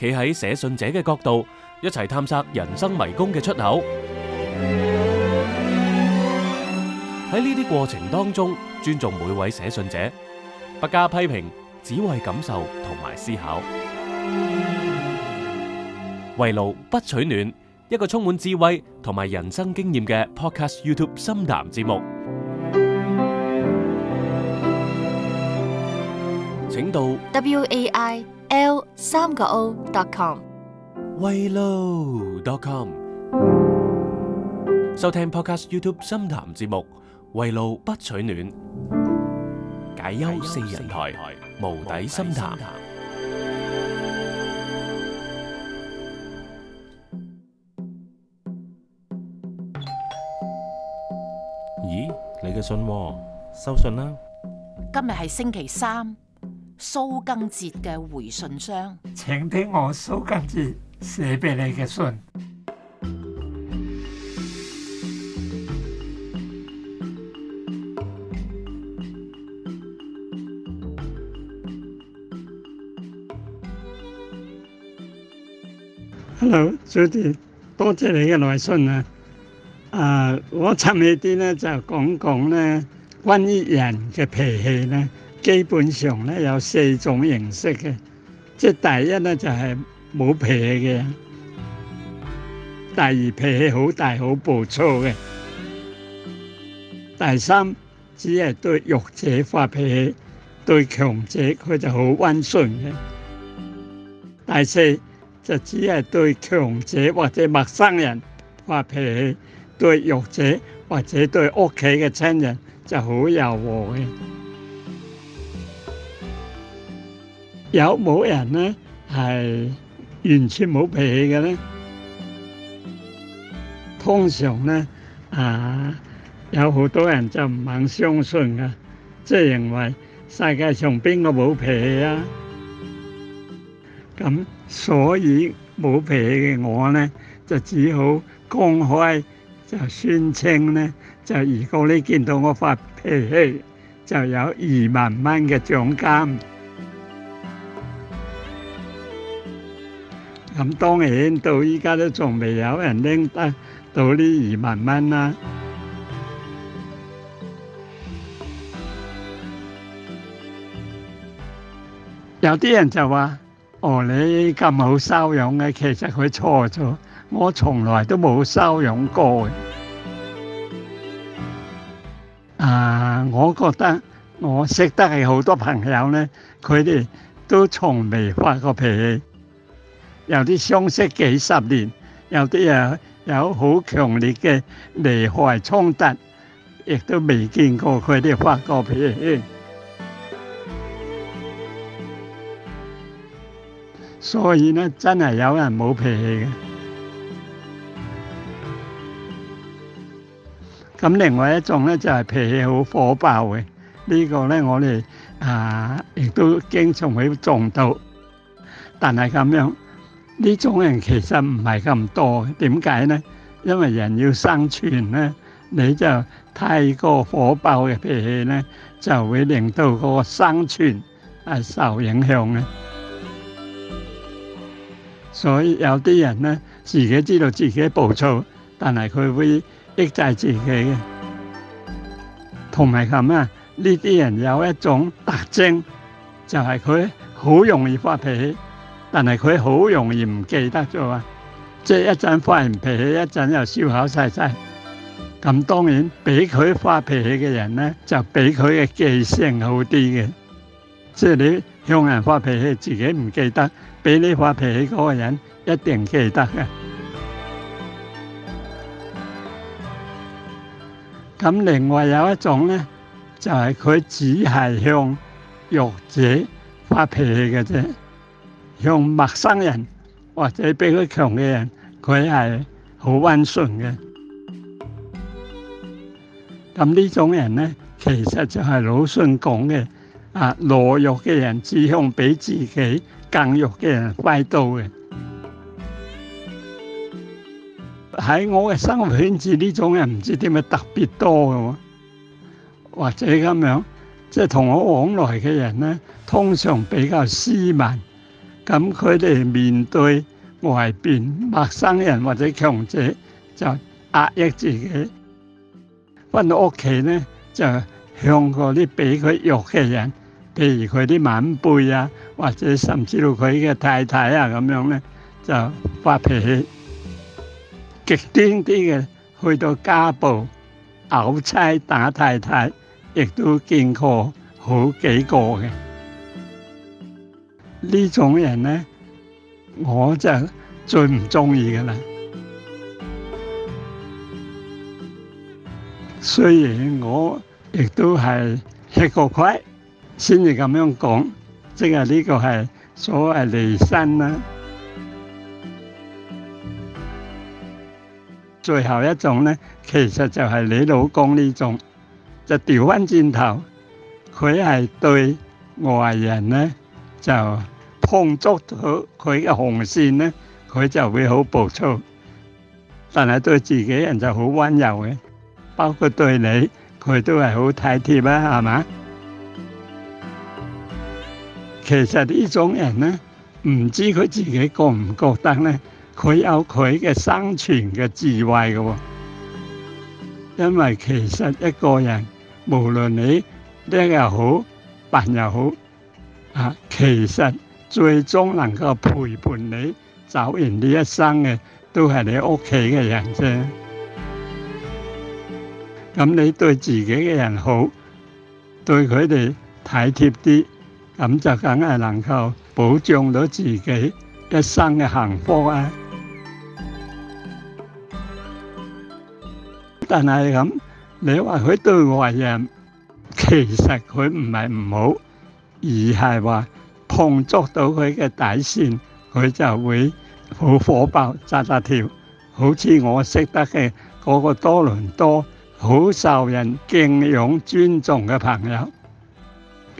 企喺寫信者嘅角度，一齊探索人生迷宮嘅出口。喺呢啲過程當中，尊重每位寫信者，不加批評，只為感受同埋思考。為爐不取暖，一個充滿智慧同埋人生經驗嘅 Podcast YouTube 深談節目，請到 WAI。三個 O dot com，維路 dot com，收聽 Podcast YouTube 深談節目，維路不取暖，解憂四人台，無底深談。咦，你嘅信喎？收信啦。今日係星期三。蘇賡哲嘅回信箱，請聽我蘇賡哲寫俾你嘅信。Hello，Judy，多謝你嘅來信啊！啊，我尋日呢啲咧就講講咧關於人嘅脾氣咧。基本上咧有四種形式嘅，即係第一咧就係冇脾氣嘅，第二脾氣好大好暴躁嘅，第三只係對弱者發脾氣，對強者佢就好溫順嘅，第四就只係對強者或者陌生人發脾氣，對弱者或者對屋企嘅親人就好柔和嘅。有冇人咧係完全冇脾氣嘅咧？通常咧啊，有好多人就唔肯相信啊，即係認為世界上邊個冇脾氣啊？咁所以冇脾氣嘅我咧，就只好公開就宣稱咧，就如果你見到我發脾氣，就有二萬蚊嘅獎金。咁當然到依家都仲未有人拎得到呢二萬蚊啦。有啲人就話，哦，你咁好修養嘅，其實佢錯咗。我從來都冇修養過啊，我覺得我識得嘅好多朋友呢，佢哋都從未發過脾氣。有啲相識幾十年，有啲啊有好強烈嘅利害衝突，亦都未見過佢哋發過脾氣，嗯。所以呢，真係有人冇脾氣嘅。咁、嗯、另外一種呢，就係脾氣好火爆嘅。呢個呢，我哋啊亦都經常會撞到，但係咁樣。呢種人其實唔係咁多，點解呢？因為人要生存呢，你就太過火爆嘅脾氣呢，就會令到個生存係受影響嘅。所以有啲人呢，自己知道自己暴躁，但係佢會抑制自己嘅。同埋咁啊，呢啲人有一種特徵，就係佢好容易發脾氣。但係佢好容易唔記得咗啊！即係一陣發完脾氣，一陣又燒烤曬曬。咁當然俾佢發脾氣嘅人呢，就比佢嘅記性好啲嘅。即係你向人發脾氣，自己唔記得；俾你發脾氣嗰個人一定記得嘅。咁另外有一種呢，就係佢只係向弱者發脾氣嘅啫。向陌生人或者比佢強嘅人，佢係好溫順嘅。咁呢種人呢，其實就係魯迅講嘅啊，懦弱嘅人只向比自己更弱嘅人揮刀嘅。喺我嘅生活圈子呢種人，唔知點解特別多嘅。或者咁樣，即係同我往來嘅人呢，通常比較斯文。咁佢哋面對外邊陌生人或者強者，就壓抑自己。返到屋企咧，就向嗰啲比佢弱嘅人，譬如佢啲晚輩啊，或者甚至到佢嘅太太啊咁樣咧，就發脾氣。極端啲嘅，去到家暴、虐妻、打太太，亦都見過好幾個嘅。呢種人呢，我就最唔中意鍾意嘅啦。雖然我亦都係吃過虧，先至咁樣講，即係呢個係所謂離身啦。最後一種呢，其實就係你老公呢種，就調返轉頭，佢係對外人呢，就碰觸到佢嘅紅線咧，佢就會好暴躁；但係對自己人就好溫柔嘅。包括對你，佢都係好體貼啦，係嗎？其實呢種人咧，唔知佢自己覺唔覺得咧，佢有佢嘅生存嘅智慧嘅喎。因為其實一個人，無論你叻又好，笨又好。啊，其實最終能夠陪伴你走完呢一生嘅，都係你屋企嘅人啫。咁你對自己嘅人好，對佢哋體貼啲，咁就梗係能夠保障到自己一生嘅幸福啊！但係咁，你話佢對外人，其實佢唔係唔好。而係話碰觸到佢嘅底線，佢就會好火爆，扎扎跳。好似我識得嘅嗰個多倫多，好受人敬仰尊重嘅朋友，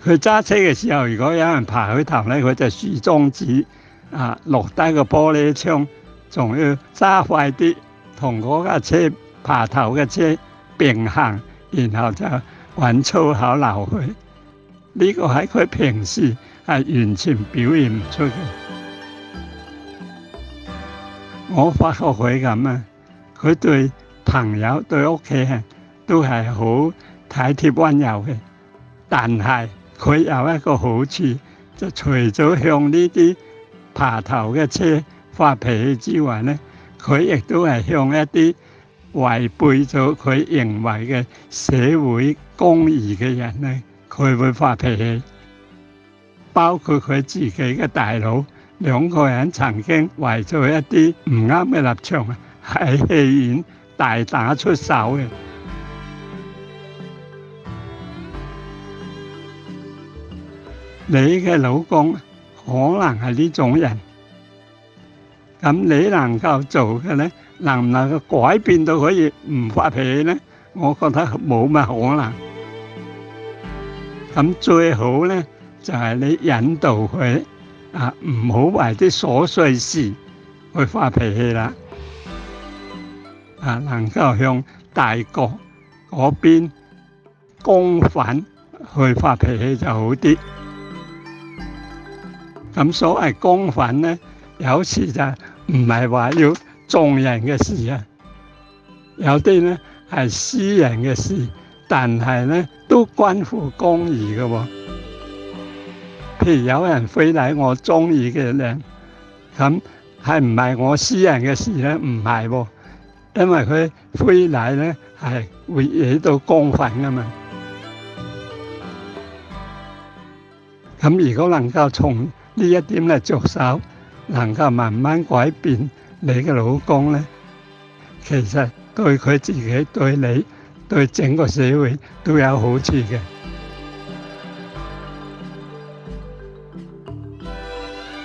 佢揸車嘅時候，如果有人爬佢頭咧，佢就豎中指，啊，落低個玻璃窗，仲要揸快啲，同嗰架車爬頭嘅車並行，然後就揾粗口鬧佢。呢個喺佢平時係完全表現唔出嘅。我發覺佢噉呀，佢對朋友、對屋企人都係好體貼溫柔嘅。但係佢有一個好處，就除咗向呢啲爬頭嘅車發脾氣之外，呢佢亦都係向一啲違背咗佢認為嘅社會公義嘅人呢。佢會發脾氣，包括佢自己嘅大佬，兩個人曾經為咗一啲唔啱嘅立場啊，喺戲院大打出手嘅。你嘅老公可能係呢種人，咁你能夠做嘅呢，能唔能夠改變到可以唔發脾氣呢？我覺得冇乜可能。咁最好咧，就係你引導佢啊，唔好為啲瑣碎事去發脾氣啦。啊，能夠向大局嗰邊公憤去發脾氣就好啲。咁所謂公憤咧，有時就唔係話要眾人嘅事啊，有啲咧，係私人嘅事。但係咧，都關乎公義嘅喎。譬如有人非禮我中意嘅靚，咁係唔係我私人嘅事咧？唔係，因為佢非禮咧係會惹到公憤噶嘛。咁如果能夠從呢一點嚟着手，能夠慢慢改變你嘅老公咧，其實對佢自己對你。對整個社會都有好處嘅，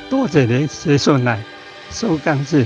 多謝你寫信嚟，收工先。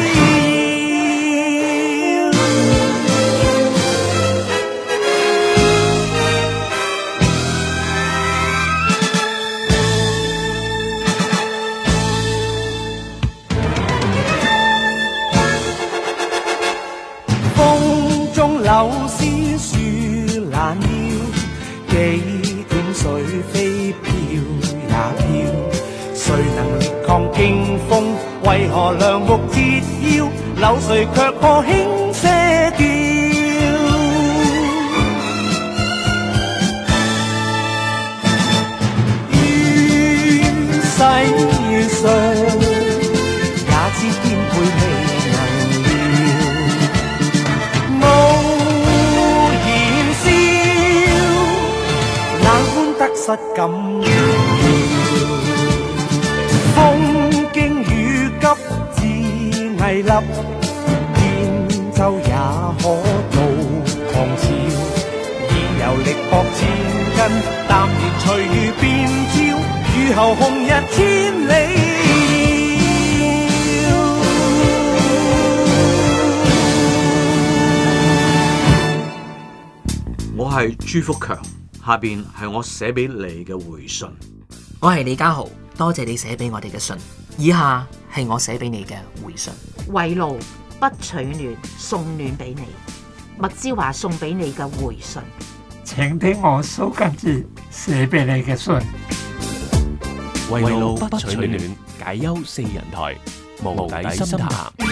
我係朱福強，下面係我寫俾你嘅回信。我係李家豪，多謝你寫俾我哋嘅信。以下係我寫俾你嘅回信，為路不取暖，送暖俾你。麥之華送俾你嘅回信，請聽我蘇賡哲寫俾你嘅信。為路不取暖，解憂四人台，無底深潭。